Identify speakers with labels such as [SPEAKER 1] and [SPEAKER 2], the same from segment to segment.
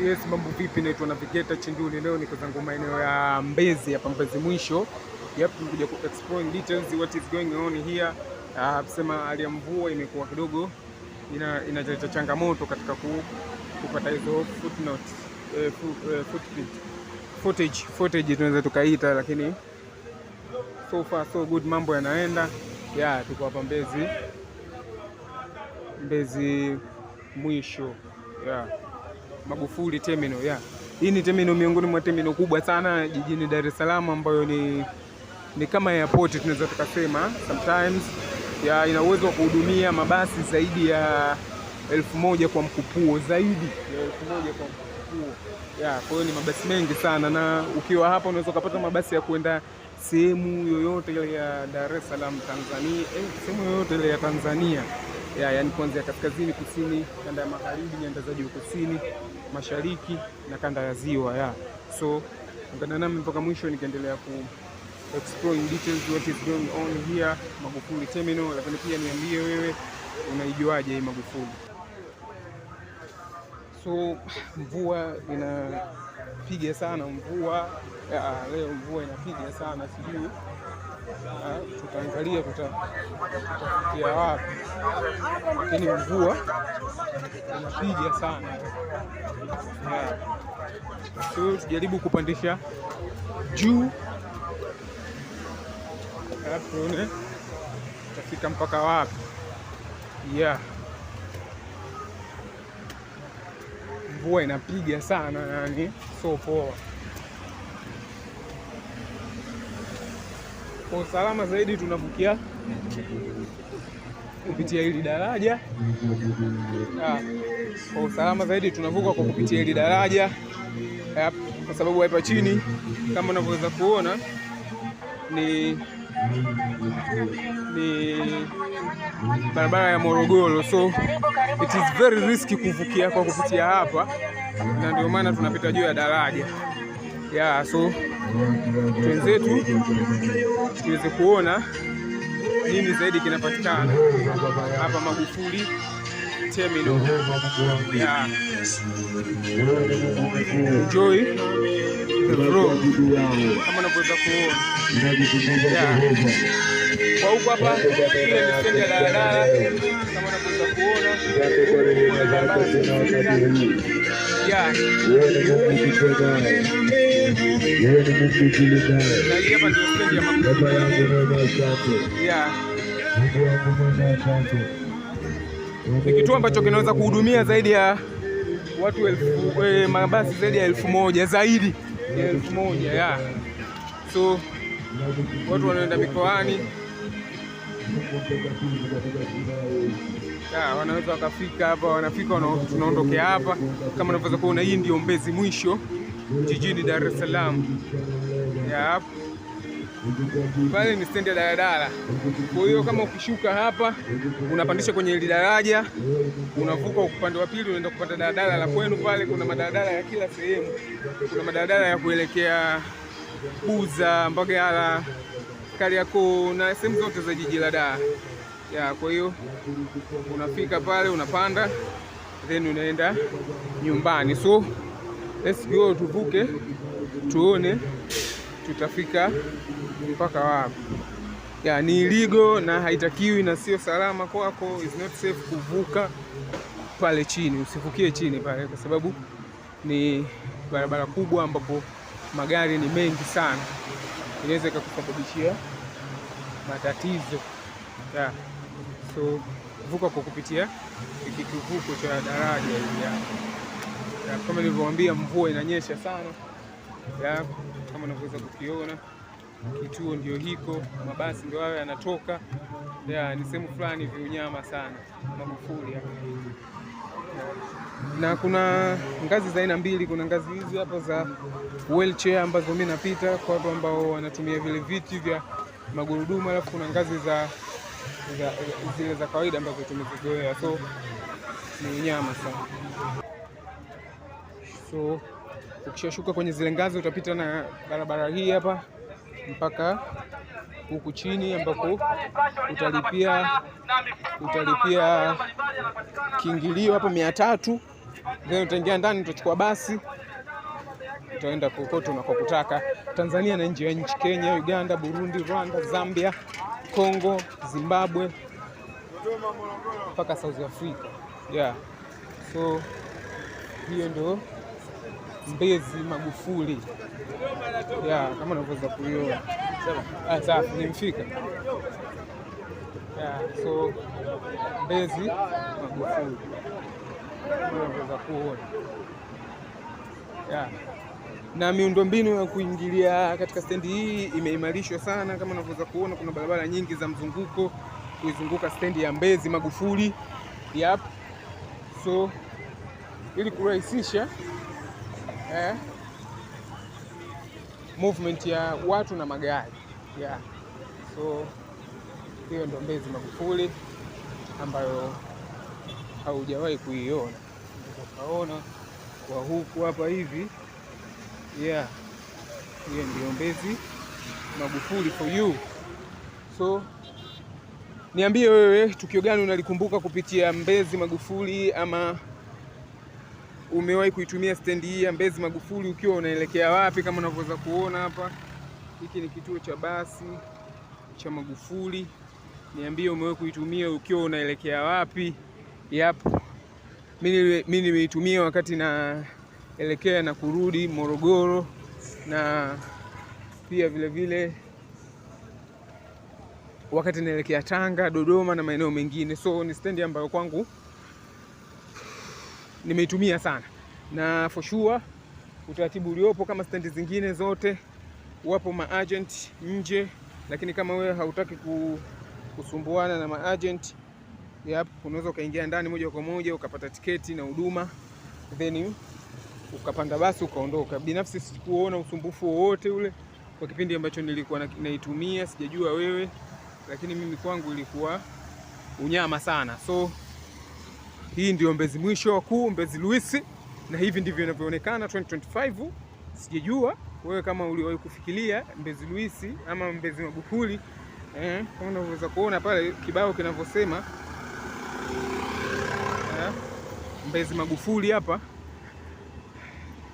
[SPEAKER 1] Yes, mambo vipi? Naitwa Navigator Chinduli. Leo niko zangu maeneo ya Mbezi hapa Mbezi mwisho. Yep, nikuja ku explore details what is going on here. Uh, ah, sema hali ya mvua imekuwa kidogo ina inaleta changamoto katika ku, kupata hizo footnote eh, eh, footprint footage footage tunaweza tukaita, lakini so far so good, mambo yanaenda yeah. Tuko hapa Mbezi Mbezi mwisho yeah. Magufuli terminal yeah. Hii ni terminal miongoni mwa terminal kubwa sana jijini Dar es Salaam ambayo ni, ni kama airport tunaweza tukasema sometimes ya ina uwezo wa kuhudumia mabasi zaidi ya elfu moja kwa mkupuo zaidi ya elfu moja kwa mkupuo yeah. Kwa hiyo ni mabasi mengi sana, na ukiwa hapa unaweza ukapata mabasi ya kwenda sehemu yoyote ile ya Dar es Salaam Tanzania, eh, sehemu yoyote ile ya Tanzania ya yani kuanzia kaskazini, kusini, kanda ya magharibi, nyanda za juu kusini, mashariki na kanda ya ziwa ya. So ungana nami mpaka mwisho nikiendelea ku explore in details what is going on here Magufuli Terminal, lakini pia niambie wewe unaijuaje hii Magufuli. So mvua inapiga sana mvua ya, leo mvua inapiga sana sijui tutaangalia tutafikia wapi, lakini mvua inapiga sana. So tujaribu kupandisha juu, alafu tuone tutafika mpaka wapi. Yeah, mvua inapiga sana, yani so poa. Kwa usalama zaidi tunavukia kupitia hili daraja. Ah, kwa usalama zaidi tunavuka kwa kupitia hili daraja, kwa sababu hapa chini kama unavyoweza kuona ni ni barabara ya Morogoro, so it is very risky kuvukia kwa kupitia hapa, na ndio maana tunapita juu ya daraja yeah, so twenzetu tuweze kuona nini zaidi kinapatikana hapa Magufuli terminal ya enjoy kama unavyoweza kuona kwa huku hapa, ile ni stendi ya daladala kama unavyoweza kuona ya yeye ni Mungu Baba yangu mwema, asante Ni kituo ambacho kinaweza kuhudumia zaidi ya watu elfu eh, mabasi zaidi ya elfu moja zaidi ya elfu moja ya so watu wanaenda mikoani wanaweza wakafika hapa, wanafika tunaondokea hapa, kama unavyoweza kuona, hii ndio Mbezi mwisho jijini Dar es Salaam. Yep. Pale ni stendi ya daladala. Kwa hiyo kama ukishuka hapa unapandisha kwenye ile daraja, unavuka upande wa pili, unaenda kupanda daladala la kwenu. Pale kuna madaladala ya kila sehemu, kuna madaladala ya kuelekea Buza, Mbagala, Kariakoo na sehemu zote za jiji la Dar. Ya, kwa hiyo unafika pale unapanda then unaenda nyumbani so SGO tuvuke, tuone tutafika mpaka wapi. Ya, ni ligo na haitakiwi na sio salama kwako, is not safe kuvuka pale chini. Usivukie chini pale, kwa sababu ni barabara kubwa ambapo magari ni mengi sana, inaweza ikakusababishia matatizo ya. So vuka kwa kupitia kikivuko cha daraja hili ya, kama nilivyowaambia mvua inanyesha sana ya, kama unavyoweza kukiona kituo ndio hiko, mabasi ndio hayo yanatoka ya, ni sehemu fulani viunyama sana Magufuli hapa. Na kuna ngazi za aina mbili, kuna ngazi hizi hapa za wheelchair ambazo mimi napita kwa watu ambao wanatumia vile viti vya magurudumu, alafu kuna ngazi za zile za kawaida ambazo tumezizoea, so ni unyama sana. So ukishashuka kwenye zile ngazi utapita na barabara hii hapa mpaka huku chini ambapo utalipia utalipia kiingilio hapa mia tatu, then utaingia ndani, utachukua basi utaenda kokote unakokutaka Tanzania na nje ya nchi, Kenya, Uganda, Burundi, Rwanda, Zambia, Congo, Zimbabwe mpaka South Africa. Yeah, so hiyo ndio Mbezi Magufuli ya kama unavyoweza kuiona ah, safi, nimfika ya so Mbezi Magufuli kama unavyoweza kuona ya na miundombinu ya kuingilia katika stendi hii imeimarishwa sana, kama unavyoweza kuona kuna barabara nyingi za mzunguko kuizunguka stendi ya Mbezi Magufuli. Yap, so ili kurahisisha eh, movement ya watu na magari yeah. So hiyo ndo Mbezi Magufuli ambayo haujawahi kuiona, ukaona kwa huku hapa hivi yeah. Hiyo ndio Mbezi Magufuli for you. So niambie wewe tukio gani unalikumbuka kupitia Mbezi Magufuli ama umewahi kuitumia stendi hii ya Mbezi Magufuli ukiwa unaelekea wapi? Kama unavyoweza kuona hapa, hiki ni kituo cha basi cha Magufuli. Niambie umewahi kuitumia ukiwa unaelekea wapi? yap mimi nimeitumia wakati naelekea na kurudi Morogoro, na pia vile vile wakati naelekea Tanga, Dodoma na maeneo mengine. So ni stendi ambayo kwangu nimeitumia sana, na for sure utaratibu uliopo kama stendi zingine zote, wapo maagent nje, lakini kama wewe hautaki kusumbuana na maagent yep, unaweza ukaingia ndani moja kwa moja ukapata tiketi na huduma then ukapanda basi ukaondoka. Binafsi sikuona usumbufu wowote ule kwa kipindi ambacho nilikuwa naitumia. Sijajua wewe, lakini mimi kwangu ilikuwa unyama sana so hii ndio Mbezi mwisho wa kuu Mbezi Luisi, na hivi ndivyo inavyoonekana 2025. Sijajua wewe kama uliwahi kufikiria Mbezi Luisi ama Mbezi Magufuli eh, kama unavyoweza kuona pale kibao kinavyosema eh, Mbezi Magufuli hapa,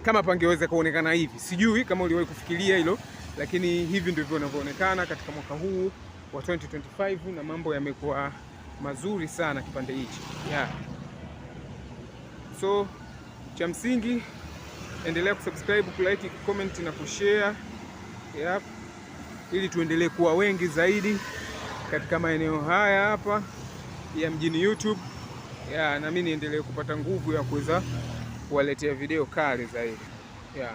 [SPEAKER 1] kama pangeweza kuonekana hivi, sijui kama uliwahi kufikiria hilo, lakini hivi ndivyo inavyoonekana katika mwaka huu wa 2025 na mambo yamekuwa mazuri sana kipande hichi yeah. So cha msingi, endelea kusubscribe, kulike, comment na kushare yep, ili tuendelee kuwa wengi zaidi katika maeneo haya hapa ya mjini YouTube ya, na mimi niendelee kupata nguvu ya kuweza kuwaletea video kali zaidi ya.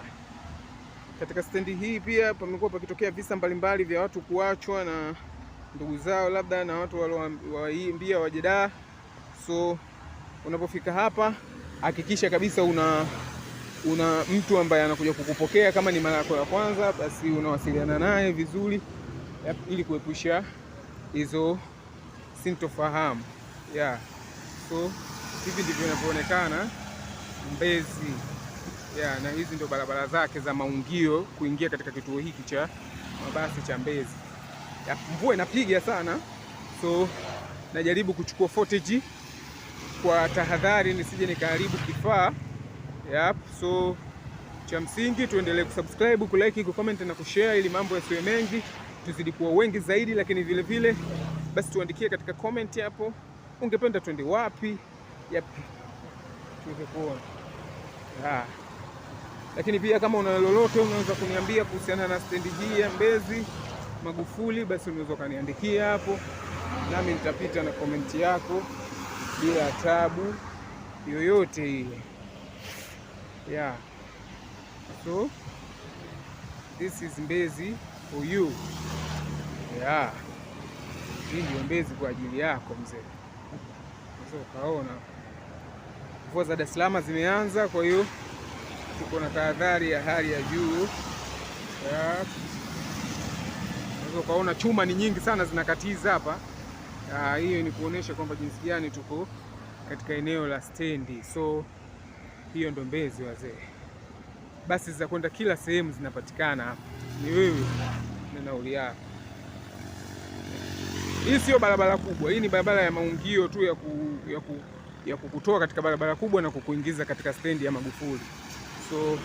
[SPEAKER 1] Katika stendi hii pia pamekuwa pakitokea visa mbalimbali vya watu kuachwa na ndugu zao labda na watu walioambia wajedaa. So unapofika hapa hakikisha kabisa una una mtu ambaye anakuja kukupokea. Kama ni mara yako ya kwanza, basi unawasiliana naye vizuri, ili kuepusha hizo sintofahamu yeah. So hivi ndivyo inavyoonekana Mbezi yeah, na hizi ndio barabara zake za maungio kuingia katika kituo hiki cha mabasi cha Mbezi Mvua inapiga sana, so najaribu kuchukua footage kwa tahadhari nisije nikaharibu kifaa. Yep, so cha msingi tuendelee kusubscribe, kulike, kucomment na kushare ili mambo yasiwe mengi, tuzidi kuwa wengi zaidi, lakini vile vile basi tuandikie katika comment hapo ungependa twende wapi. Yep. Tuweze kuona. Ah. Lakini pia kama una lolote unaweza kuniambia kuhusiana na stendi hii ya Mbezi Magufuli, basi unaweza ukaniandikia hapo, nami nitapita na komenti yako bila tabu yoyote ile yeah. So this is Mbezi for you yeah. Hii ndio Mbezi kwa ajili yako mzee. Sasa ukaona mvua za Dar es Salaam zimeanza, kwa hiyo tuko na tahadhari ya hali ya juu yeah. Ukaona chuma ni nyingi sana zinakatiza hapa. Ah, hiyo ni kuonesha kwamba jinsi gani tuko katika eneo la stendi. So hiyo ndo Mbezi wazee, basi za kwenda kila sehemu zinapatikana hapa, ni wewe na nauli yako. Hii sio barabara kubwa, hii ni barabara ya maungio tu ya, ku, ya, ku, ya kukutoa katika barabara kubwa na kukuingiza katika stendi ya Magufuli. So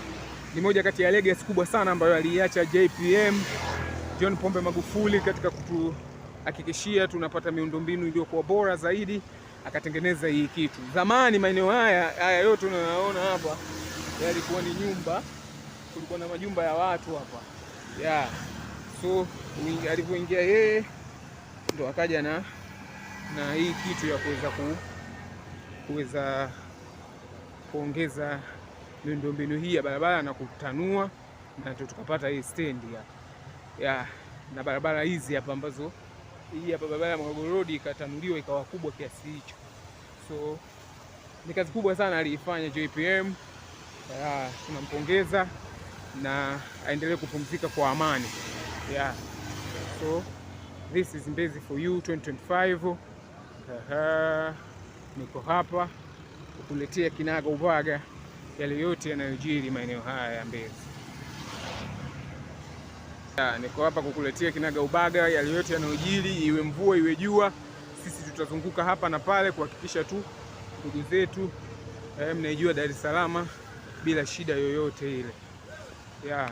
[SPEAKER 1] ni moja kati ya legacy kubwa sana ambayo aliiacha JPM John Pombe Magufuli katika kutu hakikishia tunapata miundombinu iliyokuwa bora zaidi, akatengeneza hii kitu. Zamani maeneo haya haya yote unayoona hapa yalikuwa ni nyumba, kulikuwa na majumba ya watu hapa yeah. So alivyoingia yeye ndo akaja na na hii kitu ya kuweza ku, kuweza kuongeza miundombinu hii ya barabara na kutanua, na tukapata hii stendi hapa yeah, na barabara hizi hapa ambazo hii hapa barabara ya Morogoro Road ikatanuliwa ikawa kubwa kiasi hicho. So ni kazi kubwa sana aliifanya JPM. Yeah, tunampongeza na aendelee kupumzika kwa amani. Yeah. So this is Mbezi for you 2025. niko hapa kukuletea kinaga ubaga yale yote yanayojiri maeneo haya ya Mbezi. Niko hapa kukuletea kinaga ubaga yale yote yanayojiri, iwe mvua iwe jua, sisi tutazunguka hapa na pale kuhakikisha tu ndugu zetu eh, mnaijua Dar es Salaam bila shida yoyote ile yeah.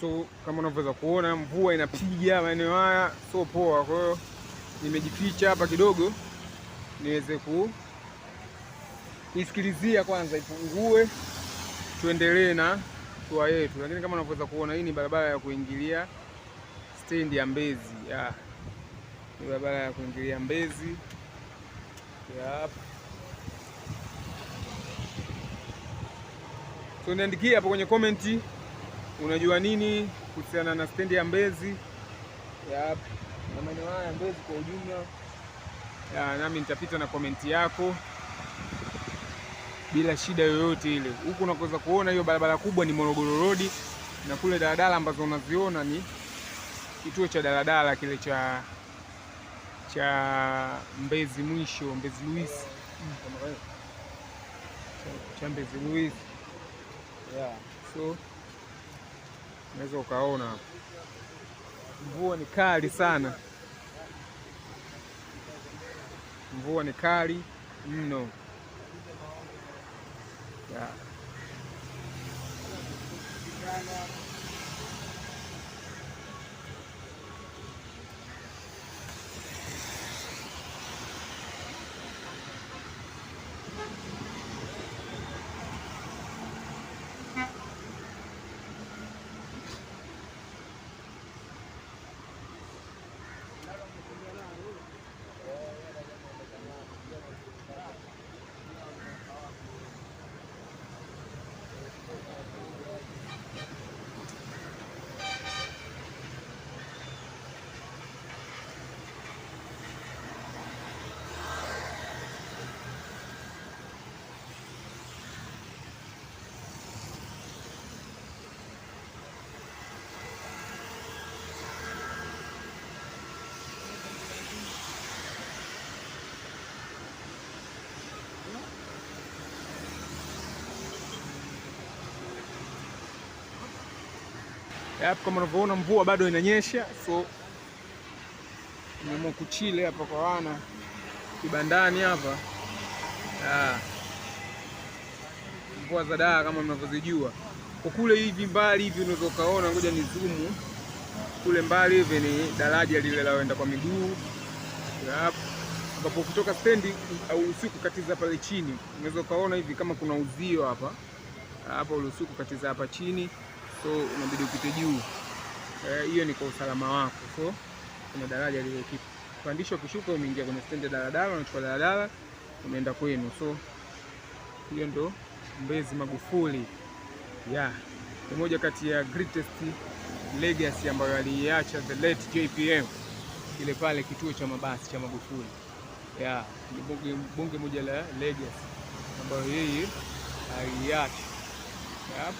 [SPEAKER 1] So kama unavyoweza kuona mvua inapiga maeneo haya, so poa. Kwa hiyo nimejificha hapa kidogo niweze kuisikilizia kwanza ipungue, tuendelee na mashua yetu, lakini kama unavyoweza kuona hii ni barabara ya kuingilia stendi ya Mbezi ya. Ni barabara ya kuingilia Mbezi yep. So niandikie hapo kwenye komenti unajua nini kuhusiana na stendi ya Mbezi yep. na maeneo haya Mbezi kwa ujumla ya, nami nitapita na komenti yako bila shida yoyote ile. Huku unaweza kuona hiyo barabara kubwa ni Morogoro Road na kule daladala ambazo unaziona ni kituo cha daladala kile cha cha Mbezi mwisho Mbezi Luis cha, Mbezi Luis yeah. So unaweza ukaona mvua ni kali sana, mvua ni kali mno. Yeah. Hapo kama unavyoona mvua bado inanyesha, so nimeamua kuchile hapa kwa wana kibandani hapa. Ah, mvua za daa kama mnavyozijua kwa kule hivi mbali hivi unaweza ukaona, ngoja ni zoom kule mbali hivi ni daraja lile la waenda kwa miguu ambapo kutoka stendi au usiku katiza pale chini, unaweza ukaona hivi kama kuna uzio hapa hapa, ule katiza hapa chini so unabidi upite juu. Eh, hiyo ni kwa usalama wako. So kuna daraja lile kipo pandisha, ukishuka umeingia kwenye stendi ya daladala, unachukua daladala unaenda kwenu. So hiyo ndo Mbezi Magufuli yeah. Ni moja kati ya greatest legacy ambayo aliiacha the late JPM, kile pale kituo cha mabasi cha Magufuli yeah. Ni bonge, moja la legacy ambayo yeye aliiacha yeah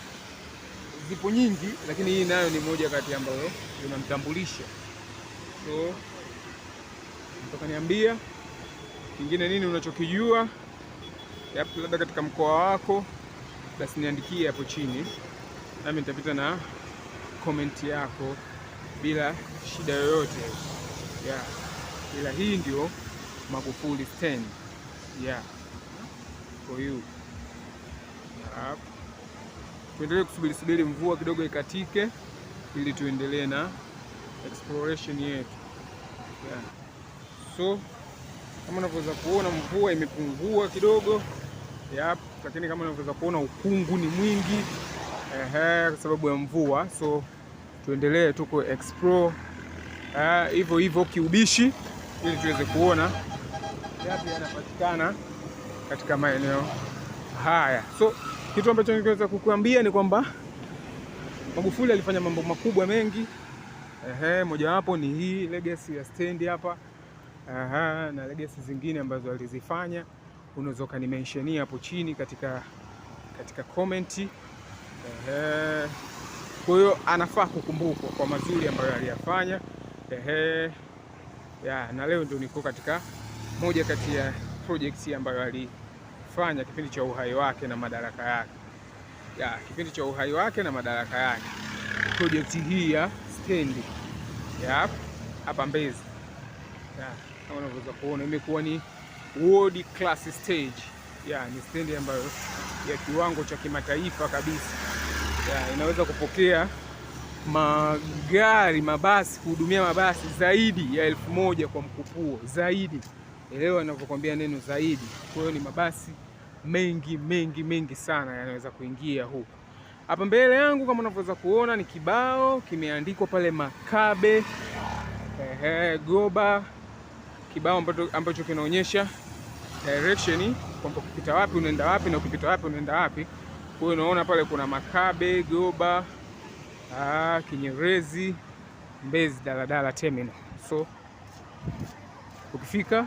[SPEAKER 1] zipo nyingi, lakini hii nayo ni moja kati ambayo inamtambulisha. So nataka niambia kingine nini unachokijua labda katika mkoa wako, basi niandikie hapo chini, nami nitapita na komenti yako bila shida yoyote yeah. Ila hii ndio Magufuli stand yeah for you tuendelee kusubiri subiri mvua kidogo ikatike, ili tuendelee na exploration yetu yeah. So kama unavyoweza kuona mvua imepungua kidogo yep, lakini kama unavyoweza kuona ukungu ni mwingi ehe, kwa sababu ya mvua. So tuendelee tuko explore eh, hivyo uh, hivyo kiubishi, ili tuweze kuona yapi yanapatikana katika maeneo haya so kitu ambacho ningeweza kukuambia ni kwamba Magufuli alifanya mambo makubwa mengi. Ehe, mojawapo ni hii legacy ya stendi hapa. Aha, na legacy zingine ambazo alizifanya unaweza ukanimenshenia hapo chini katika katika comment. Ehe, kwa hiyo anafaa kukumbukwa kwa mazuri ambayo aliyafanya. Ehe, ya, na leo ndio niko katika moja kati ya projects ambayo ali kufanya kipindi cha uhai wake na madaraka yake ya, kipindi cha uhai wake na madaraka yake, projekti hii ya stendi ya hapa Mbezi kama unavyoweza kuona imekuwa ni world class stage ya, ni stendi ambayo ya kiwango cha kimataifa kabisa ya, inaweza kupokea magari mabasi, kuhudumia mabasi zaidi ya elfu moja kwa mkupuo zaidi elewa ninavyokuambia neno zaidi. Kwa hiyo ni mabasi mengi mengi mengi sana yanaweza kuingia huku. Hapa mbele yangu kama unavyoweza kuona ni kibao kimeandikwa pale Makabe ehe, Goba, kibao ambacho kinaonyesha direction kwamba ukipita wapi unaenda wapi na ukipita wapi unaenda wapi. Kwa hiyo unaona pale kuna Makabe, Goba, ah, Kinyerezi, Mbezi daladala terminal so Ukifika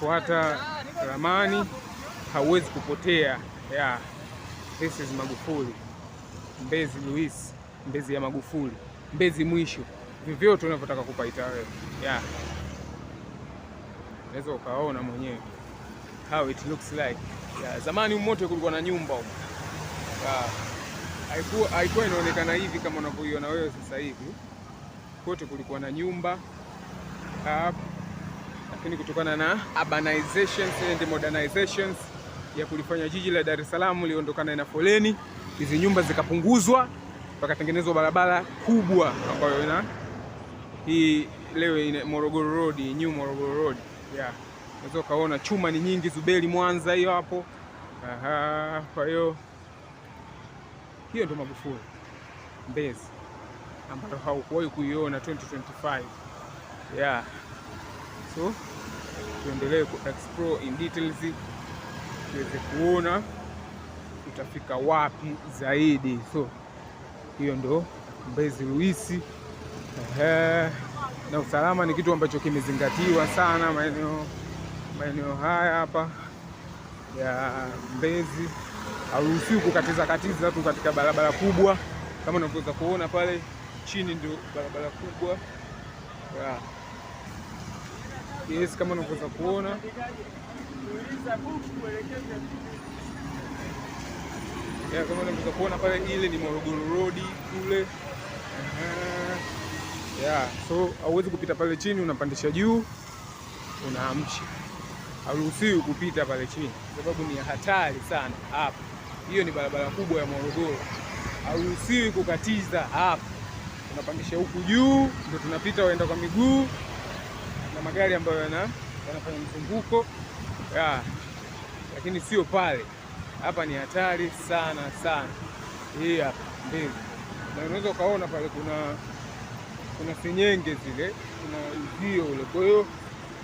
[SPEAKER 1] fuata ramani, hauwezi kupotea. Yeah. This is Magufuli, Mbezi Luis, Mbezi ya Magufuli, Mbezi mwisho, vyovyote unavyotaka kupaita wewe. Yeah. Unaweza ukaona mwenyewe how it looks like. Yeah. Zamani mote kulikuwa na nyumba huko. Yeah. Haikuwa haikuwa inaonekana hivi kama unavyoiona wewe sasa hivi. Kote kulikuwa na nyumba. Hapa lakini kutokana na urbanizations and modernizations ya kulifanya jiji la Dar es Salaam liondokana na foleni, hizi nyumba zikapunguzwa, pakatengenezwa barabara kubwa ambayo ina hii leo ina Morogoro Road, new Morogoro Road. Yeah. Unaweza ukaona chuma ni nyingi zubeli Mwanza hiyo hapo. Aha, kwa hiyo hiyo ndio Magufuli Mbezi ambayo haukuwahi kuiona 2025. Yeah. So tuendelee ku explore in details tuweze kuona tutafika wapi zaidi. So hiyo ndo Mbezi Luisi. Ehe, na usalama ni kitu ambacho kimezingatiwa sana maeneo maeneo haya hapa ya Mbezi. Hauruhusiwi kukatiza katiza tu katika barabara kubwa, kama unavyoweza kuona pale chini ndio barabara kubwa yeah. Yes, kama unavyoweza kuona yeah, kama unavyoweza kuona pale, ile ni Morogoro Road kule uh yeah, so hauwezi kupita pale chini, unapandisha juu, unaamsha. Hauruhusiwi kupita pale chini kwa sababu ni hatari sana hapa. Hiyo ni barabara kubwa ya Morogoro, hauruhusiwi kukatiza hapa, unapandisha huku juu, ndio tunapita waenda kwa miguu na magari ambayo yana yanafanya mzunguko ya, lakini sio pale. Hapa ni hatari sana sana. Hii hapa mbili, na unaweza ukaona pale kuna kuna senyenge zile, kuna uzio ule. Kwa hiyo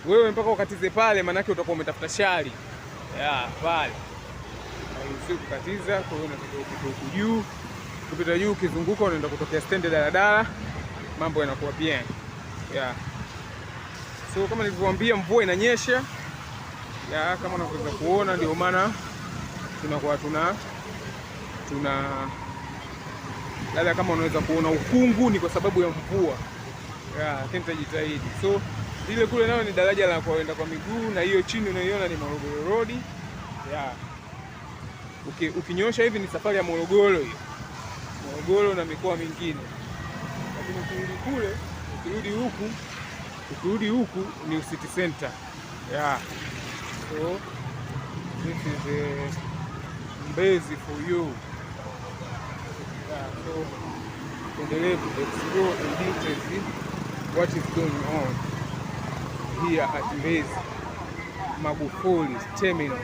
[SPEAKER 1] wewe mpaka ukatize pale, maanake utakuwa umetafuta shari ya pale, sio kukatiza. Kwa hiyo upite huku juu, kupita juu ukizunguka, unaenda kutokea stendi daladala, mambo yanakuwa bien ya So kama nilivyowaambia, mvua inanyesha ya kama unavyoweza kuona, ndio maana tunakuwa tuna tuna labda kama unaweza kuona ukungu ni kwa sababu ya mvua ya, nitajitahidi. So lile kule nayo ni daraja la kuenda kwa miguu, na hiyo chini unaiona ni Morogoro Road ya ukinyosha hivi ni safari ya Morogoro hiyo, Morogoro na mikoa mingine, lakini ukirudi kule, ukirudi huku Ukirudi huku ni city center. Yeah. So this is a eh, Mbezi for you. Yeah, so tuendelee to explore in details eh, what is going on here at Mbezi Magufuli Terminal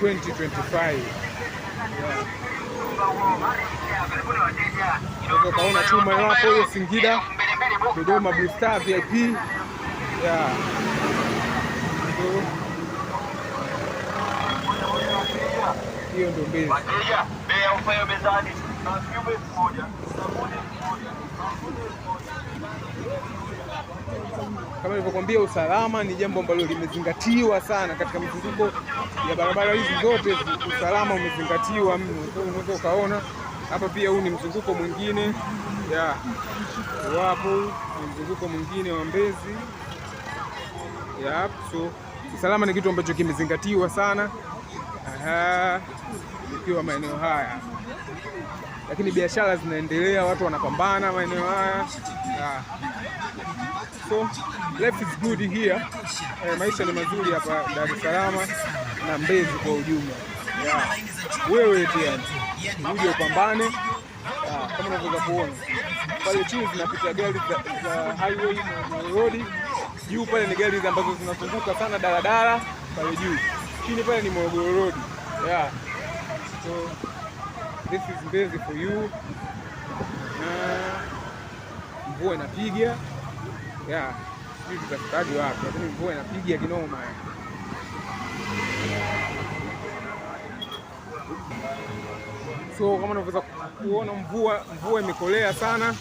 [SPEAKER 1] 2025. Yeah. Kaona chuma yapo hiyo Singida Dodoma Blue Star VIP Hiyo ndo mbezi kama nilivyokwambia, usalama ni jambo ambalo limezingatiwa sana katika mizunguko ya barabara hizi zote. Usalama umezingatiwa mno, unaweza ukaona hapa pia. Huu ni mzunguko mwingine yeah wapo mzunguko mwingine wa Mbezi. Yep, so usalama ni kitu ambacho kimezingatiwa sana ikiwa maeneo haya, lakini biashara zinaendelea, watu wanapambana maeneo haya yeah. So life is good here eh, maisha ni mazuri hapa Dar es Salaam na Mbezi kwa ujumla yeah. Wewe pia uje upambane yeah, kama unavyoweza kuona pale chini zinapita gari za highway na road. Juu pale ni gari ambazo zinazunguka sana daladala pale juu. Chini pale ni Morogoro road. Yeah. So this is Mbezi for you. Na mvua inapiga. Yeah. Sisi tutafikaje wapi? Lakini mvua inapiga kinoma. Yeah. So kama unavyoweza kuona mvua mvua imekolea sana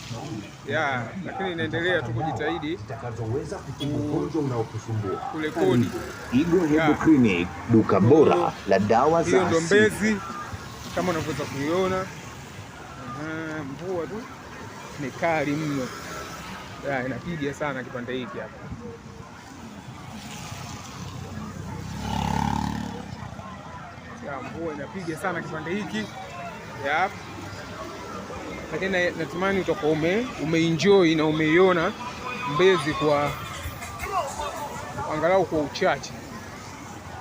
[SPEAKER 1] yeah, lakini inaendelea tu kujitahidi takazoweza kutibu ugonjwa unaokusumbua kurekodi. Igbo Clinic, duka bora la dawa za asili. Mbezi kama unavyoweza kuiona. Uh, mvua tu ni kali mno, yeah, inapiga sana kipande hiki hapa. Yeah, mvua inapiga sana kipande hiki Yep. Lakini natamani utakuwa ume umeenjoy na umeiona Mbezi kwa angalau kwa uchache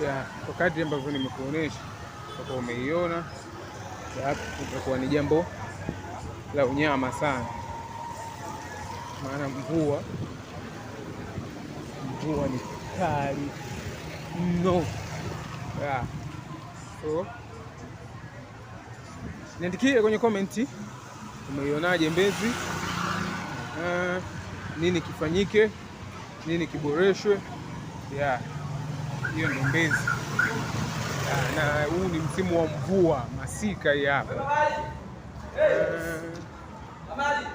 [SPEAKER 1] yeah. Kwa kadri ambavyo nimekuonesha utakuwa umeiona yep. Itakuwa ni jambo la unyama sana, maana mvua mvua ni kali mno yeah. so Niandikie kwenye komenti umeionaje Mbezi, uh, nini kifanyike, nini kiboreshwe. Yeah, hiyo ndio Mbezi yeah, na huu ni msimu wa mvua, masika hii hapa uh,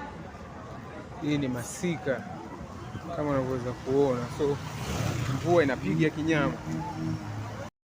[SPEAKER 1] hii ni masika kama unavyoweza kuona, so mvua inapiga kinyama.